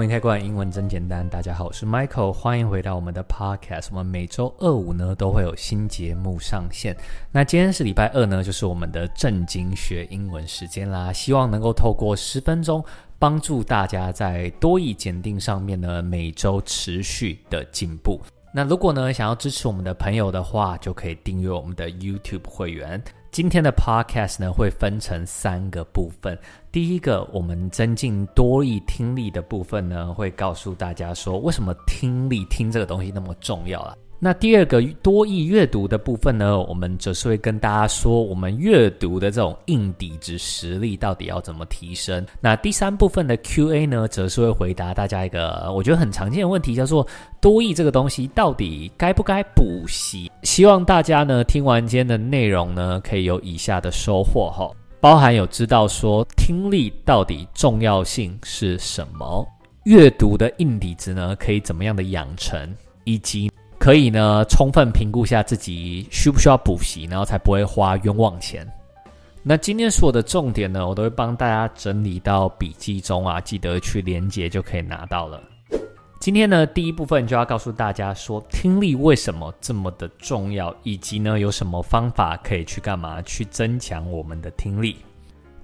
歡迎開罐，英文真簡單。大家好，我是 Michael，歡迎回到我們的 Podcast。我們每周二五呢都會有新節目上線。那今天是禮拜二呢，就是我們的正經學英文時間啦。希望能夠透過十分鐘，幫助大家在多益檢定上面呢，每周持續的進步。那如果呢想要支持我們的朋友的話，就可以訂閱我們的 YouTube 會員。今天的 podcast 呢會分成三個部分，第一個我們增進多益聽力的部分呢，會告訴大家說，為什麼聽力聽這個東西那麼重要啊？那第二個多益閱讀的部分呢，我們則是會跟大家說，我們閱讀的這種硬底子實力到底要怎麼提升？那第三部分的 Q&A 呢，則是會回答大家一個我覺得很常見的問題，叫做多益這個東西到底該不該補習？希望大家呢聽完今天的內容呢，可以有以下的收穫吼，包含有知道說聽力到底重要性是什麼，閱讀的硬底子呢可以怎麼樣的養成，以及。可以呢，充分評估下自己需不需要補習，然後才不會花冤枉錢。那今天所有的重點呢，我都會幫大家整理到筆記中啊，記得去連接就可以拿到了。今天呢，第一部分就要告訴大家說，聽力為什麼這麼的重要，以及呢，有什麼方法可以去幹嘛去增強我們的聽力。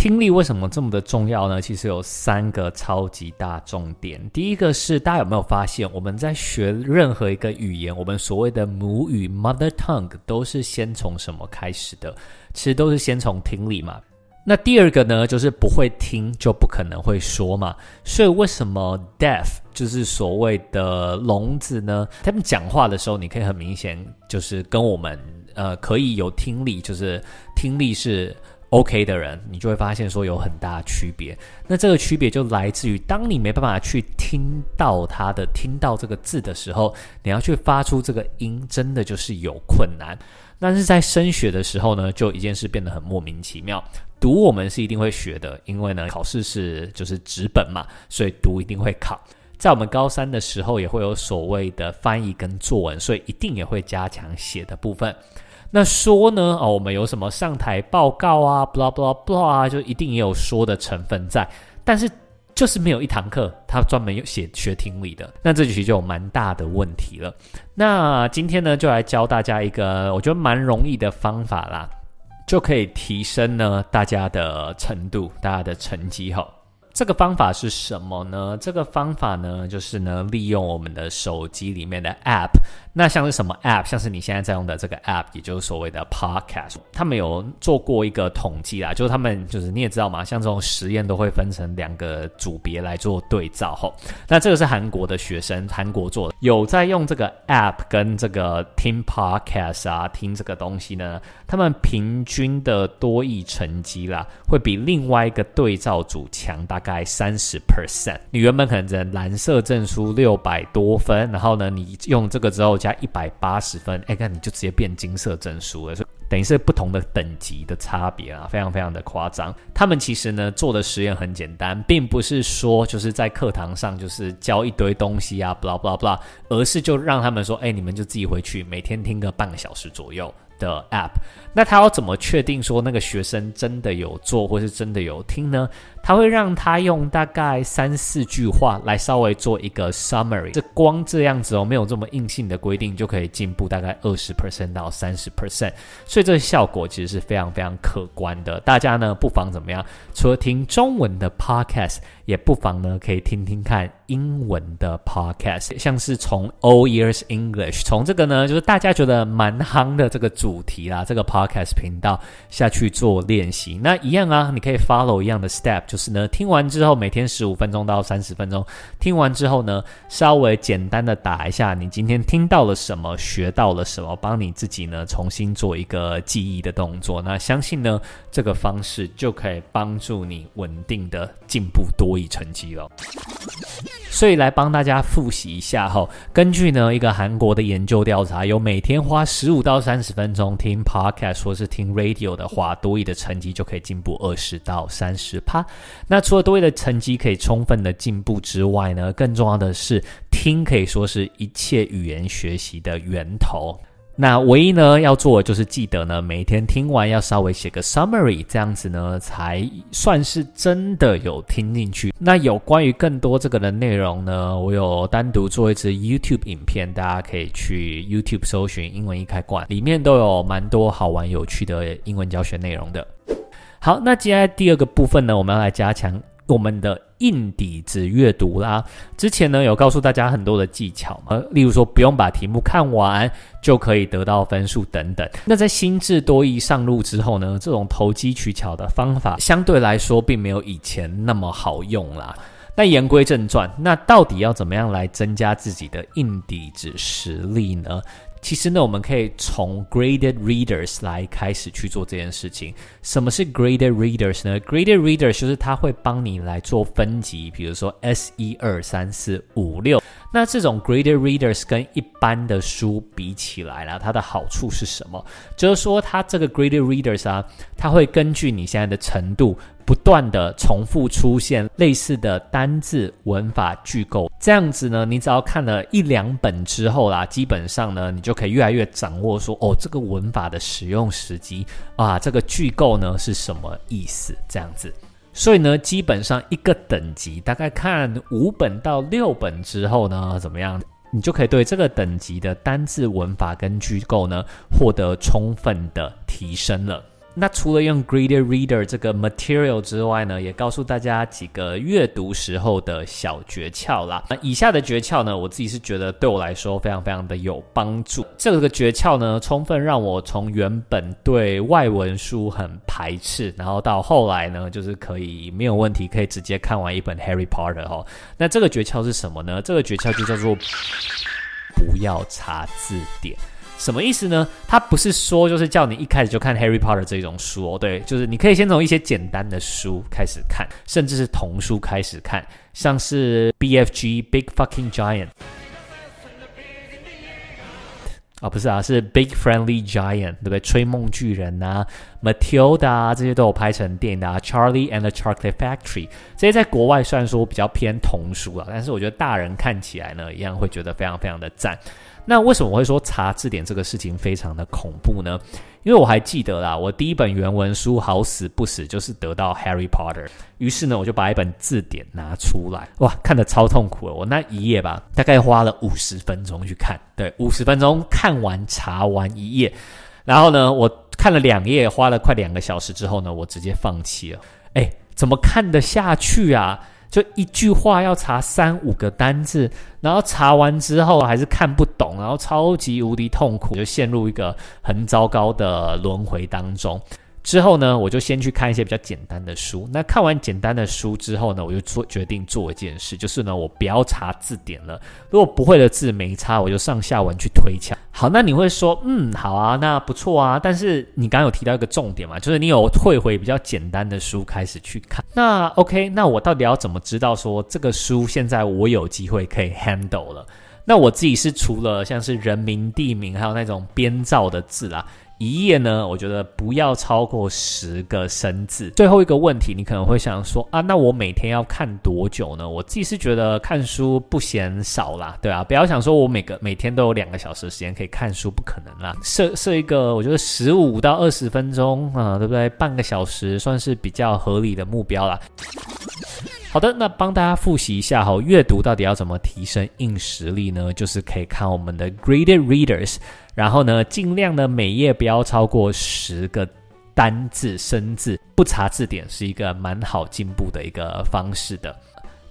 聽力為什麼這麼的重要呢？其實有三個超級大重點。第一個是大家有沒有發現，我們在學任何一個語言，我們所謂的母語 （mother tongue） 都是先從什麼開始的？其實都是先從聽力嘛。那第二個呢，就是不會聽就不可能會說嘛。所以為什麼 deaf 就是所謂的聾子呢？他們講話的時候，你可以很明顯就是跟我們，呃，可以有聽力，就是聽力是。OK 的人，你就會發現說有很大的區別。那這個區別就來自於，當你沒辦法去聽到它的、聽到這個字的時候，你要去發出這個音，真的就是有困難。但是在升學的時候呢，就一件事變得很莫名其妙。讀我們是一定會學的，因為呢，考試是就是紙本嘛，所以讀一定會考。在我們高三的時候，也會有所謂的翻譯跟作文，所以一定也會加強寫的部分。那說呢、哦，我們有什麼上台報告啊，blah blah blah 啊，就一定也有說的成分在，但是就是沒有一堂課，他專門有寫學聽力的，那這其實就有蠻大的問題了。那今天呢，就來教大家一個我覺得蠻容易的方法啦，就可以提升呢大家的程度，大家的成績哈、哦。這個方法是什麼呢？這個方法呢，就是呢，利用我們的手機裡面的 App。那像是什麼 App？像是你現在在用的這個 App，也就是所謂的 Podcast。他們有做過一個統計啦，就是他們就是你也知道嘛，像這種實驗都會分成兩個組別來做對照。吼、哦，那這個是韓國的學生，韓國做的，有在用這個 App 跟這個聽 Podcast 啊，聽這個東西呢，他們平均的多益成績啦，會比另外一個對照組強大大概三十 percent，你原本可能只能藍色證書六百多分，然後呢，你用這個之後加一百八十分，哎，那你就直接變金色證書了，等於是不同的等級的差別啊，非常非常的誇張。他們其實呢做的實驗很簡單，並不是說就是在課堂上就是教一堆東西啊，blah blah blah，而是就讓他們說，哎，你們就自己回去每天聽個半個小時左右的 app，那他要怎麼確定說那個學生真的有做或是真的有聽呢？他會讓他用大概三四句話來稍微做一個 summary。這光這樣子哦，沒有這麼硬性的規定，就可以進步大概二十 percent 到三十 percent。所以這個效果其實是非常非常可觀的。大家呢不妨怎麼樣？除了聽中文的 podcast，也不妨呢可以聽聽看英文的 podcast，像是從 All Ears English，從這個呢就是大家覺得蠻夯的這個主題啦，這個 podcast 頻道下去做練習，那一樣啊，你可以 follow 一樣的 step。就是呢，聽完之後每天十五分鐘到三十分鐘，聽完之後呢，稍微簡單的打一下你今天聽到了什麼，學到了什麼，幫你自己呢重新做一個記憶的動作。那相信呢這個方式就可以幫助你穩定的進步多益成績了、哦。所以來幫大家複習一下哈、哦，根據呢一個韓國的研究調查，有每天花十五到三十分鐘聽 podcast，或是聽 radio 的話，多益的成績就可以進步二十到三十趴。那除了多益的成績可以充分的進步之外呢，更重要的是聽，可以說是一切語言學習的源頭。那唯一呢要做的就是記得呢每天聽完要稍微寫個 summary，這樣子呢才算是真的有聽進去。那有關於更多這個的內容呢，我有單獨做一支 YouTube 影片，大家可以去 YouTube 搜尋“英文易開罐”，裡面都有蠻多好玩有趣的英文教學內容的。好，那接下來第二個部分呢，我們要來加強我們的硬底子閱讀啦。之前呢有告訴大家很多的技巧，呃，例如說不用把題目看完就可以得到分數等等。那在新制多益上路之後呢，這種投機取巧的方法相對來說並沒有以前那麼好用啦。那言歸正傳，那到底要怎麼樣來增加自己的硬底子實力呢？其實呢，我們可以從 graded readers 來開始去做這件事情。什麼是 graded readers 呢？graded readers 就是它會幫你來做分級，比如說 S 一、二、三、四、五、六。那這種 graded readers 跟一般的書比起來啦，它的好處是什麼？就是說，它這個 graded readers 啊，它會根據你現在的程度。不斷地重複出現類似的單字文法句構，這樣子呢，你只要看了一兩本之後啦，基本上呢，你就可以越來越掌握說，哦，這個文法的使用時機啊，這個句構呢是什麼意思？這樣子，所以呢，基本上一個等級，大概看五本到六本之後呢，怎麼樣，你就可以對這個等級的單字文法跟句構呢，獲得充分的提升了。那除了用 greedy reader 這個 material 之外呢，也告訴大家幾個閱讀時候的小訣竅啦。那以下的訣竅呢，我自己是覺得對我來說非常非常的有幫助。這個訣竅呢，充分讓我從原本對外文書很排斥，然後到後來呢，就是可以沒有問題可以直接看完一本 Harry Potter 哦。那這個訣竅是什麼呢？這個訣竅就叫做不要查字典。什麼意思呢？他不是說就是叫你一開始就看《Harry Potter》這種書哦，對，就是你可以先從一些簡單的書開始看，甚至是童書開始看，像是 BFG Big Fucking Giant 啊，哦，不是啊，是 Big Friendly Giant，對不對？吹夢巨人吶，啊。Matilda、啊、這些都有拍成電影的啊，Charlie and the Chocolate Factory 這些在國外雖然說比較偏童書啊，但是我覺得大人看起來呢一樣會覺得非常非常的讚。那為什麼我會說查字典這個事情非常的恐怖呢？因為我還記得啦，我第一本原文書好死不死就是得到 Harry Potter，於是呢，我就把一本字典拿出來，哇，看得超痛苦了。我那一頁吧，大概花了五十分鐘去看，對，五十分鐘看完查完一頁，然後呢我。看了兩頁，花了快兩個小時之後呢，我直接放棄了。哎，怎麼看得下去啊？就一句話要查三五個單字，然後查完之後還是看不懂，然後超級無敵痛苦，就陷入一個很糟糕的輪迴當中。之後呢，我就先去看一些比較簡單的書。那看完簡單的書之後呢，我就做決定做一件事，就是呢，我不要查字典了。如果不會的字沒差，我就上下文去推敲。好，那你會說，嗯，好啊，那不錯啊。但是你剛剛有提到一個重點嘛，就是你有退回比較簡單的書開始去看。那 OK，那我到底要怎麼知道說這個書現在我有機會可以 handle 了？那我自己是除了像是人名、地名，還有那種編造的字啦。一頁呢，我覺得不要超過十個生字。最後一個問題，你可能會想說啊，那我每天要看多久呢？我自己是覺得看書不嫌少啦，對啊，不要想說我每個每天都有兩個小時時間可以看書，不可能啦。設設一個，我覺得十五到二十分鐘啊，呃，對不對？半個小時算是比較合理的目標啦。好的，那幫大家複習一下齁，閱讀到底要怎麼提升硬實力呢？就是可以看我們的 graded readers，然後呢，盡量呢每頁不要超過十個單字生字，不查字典是一個蠻好進步的一個方式的。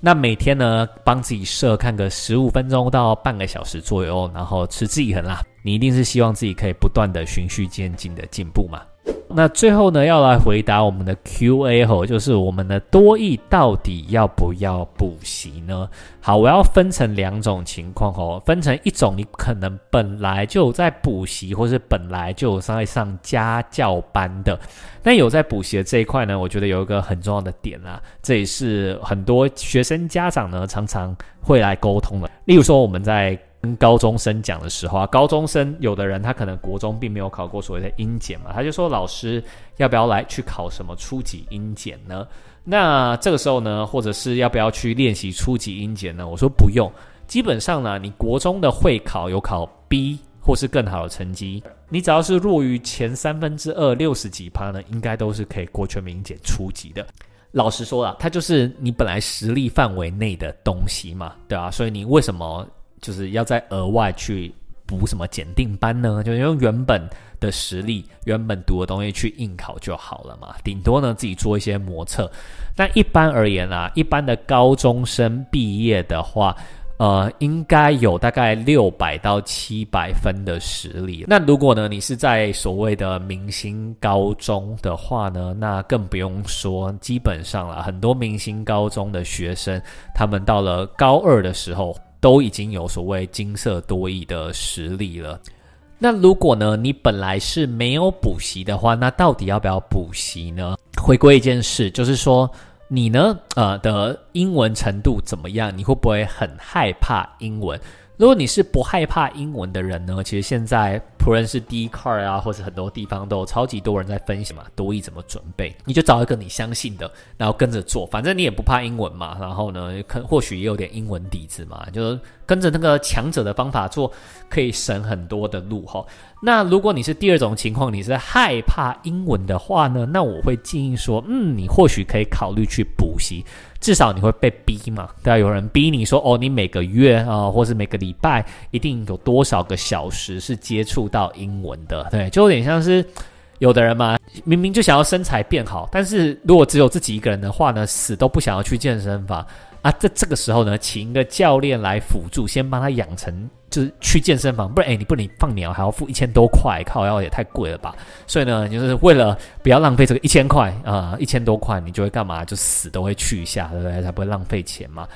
那每天呢幫自己設看個十五分鐘到半個小時左右，然後持之以恆啦，你一定是希望自己可以不斷的循序漸進的進步嘛。那最後呢，要來回答我們的 Q&A 吼，就是我們的多益到底要不要補習呢？好，我要分成兩種情況哦，分成一種，你可能本來就有在補習，或是本來就有在上家教班的。那有在補習的這一塊呢，我覺得有一個很重要的點啦、啊。這也是很多學生家長呢常常會來溝通的。例如說我們在跟高中生講的時候啊，高中生有的人他可能國中並沒有考過所謂的英檢嘛，他就說，老師，要不要來去考什麼初級英檢呢？那這個時候呢，或者是要不要去練習初級英檢呢？我說不用。基本上呢，你國中的會考有考 B 或是更好的成績，你只要是落於前三分之二六十幾趴呢，應該都是可以過全民英檢初級的。老實說了、啊，它就是你本來實力範圍內的東西嘛，對啊，所以你為什麼？就是要再額外去補什麼檢定班呢？就用原本的實力，原本讀的東西去應考就好了嘛。頂多呢，自己做一些模測。那一般而言啊，一般的高中生畢業的話，呃，應該有大概六百到七百分的實力。那如果呢，你是在所謂的明星高中的話呢，那更不用說，基本上啦，很多明星高中的學生，他們到了高二的時候。都已經有所謂“金色多義的實力了。那如果呢，你本來是沒有補習的話，那到底要不要補習呢？回歸一件事，就是說你呢，呃的英文程度怎麼樣？你會不會很害怕英文？如果你是不害怕英文的人呢，其實現在。不論是 D card 啊，或者很多地方都有超級多人在分析嘛，多益怎麼準備，你就找一個你相信的，然後跟着做，反正你也不怕英文嘛。然後呢，可或許也有點英文底子嘛，就是跟着那個強者的方法做，可以省很多的路哈、哦。那如果你是第二種情況，你是害怕英文的話呢，那我會建議說，嗯，你或許可以考慮去補習，至少你會被逼嘛，對啊，有人逼你說，哦，你每個月啊、哦，或是每個禮拜一定有多少個小時是接觸到。到英文的，對，就有點像是有的人嘛，明明就想要身材變好，但是如果只有自己一個人的話呢，死都不想要去健身房啊。在這，這個時候呢，請一個教練來輔助，先幫他養成就是去健身房，不然哎、欸，你不能放鳥，還要付一千多塊，靠，要也太貴了吧。所以呢，就是為了不要浪費這個一千塊啊、呃，一千多塊，你就會幹嘛？就死都會去一下，對不對？才不會浪費錢嘛。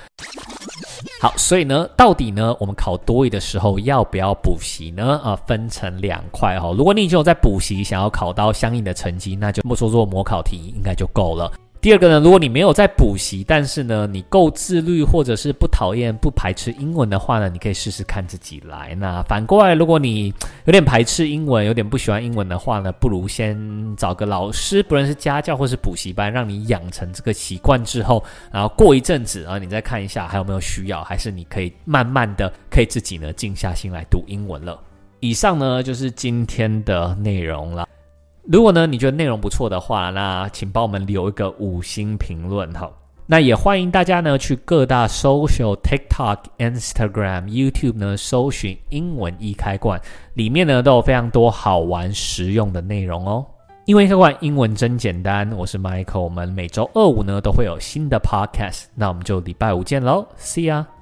好，所以呢，到底呢，我們考多益的時候要不要補習呢？啊，分成兩塊哈、哦。如果你已經有在補習，想要考到相應的成績，那就多做做模考題，應該就夠了。第二個呢，如果你沒有在補習，但是呢，你夠自律，或者是不討厭、不排斥英文的話呢，你可以試試看自己來。那反過來，如果你有點排斥英文，有點不喜歡英文的話呢，不如先找個老師，不論是家教或是補習班，讓你養成這個習慣之後，然後過一陣子啊，然後你再看一下還有沒有需要，還是你可以慢慢的可以自己呢靜下心來讀英文了。以上呢就是今天的內容了。如果呢，你覺得內容不錯的話，那請幫我們留一個五星評論哈。那也歡迎大家呢去各大 social TikTok、Instagram、YouTube 呢搜尋“英文易開罐”，裡面呢都有非常多好玩實用的內容哦。英文易開罐，英文真簡單。我是 Michael，我們每周二五呢都會有新的 podcast，那我們就禮拜五見嘍，See ya。